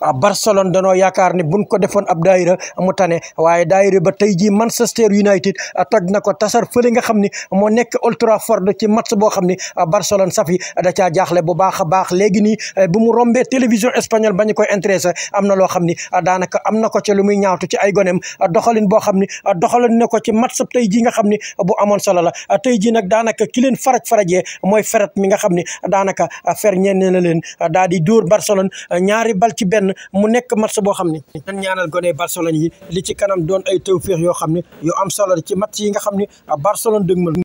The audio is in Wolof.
Ah, Barcelone danoo yaakaar ne buñ ko defoon ab daayira mu tane waaye daayira ba tey jii Manchester United ah, toj na ko tasar fële nga xam ni moo nekk Old Trafford ci match boo xam ni ah, Barcelone safi da caa jaaxle bu baax a baax léegi nii eh, bu mu rombee télévision espagnole bañu koy intéressé am na loo xam ni daanaka am na ko ci lu muy ñaawtu ci ay goneem doxalin boo xam ni doxalin na ko ci match tey jii nga xam ni bu amoon solo la tey jii nag daanaka ki leen faraj mooy feret mi nga xam ni daanaka fer ñenn na leen daal di dóor Barcelone benn mu nekk match boo xam ne ñaanal gone Barcelone yi li ci kanam doon ay tawféex yoo xam ne yu am solo ci match yi nga xam ne Barcelone dëgmal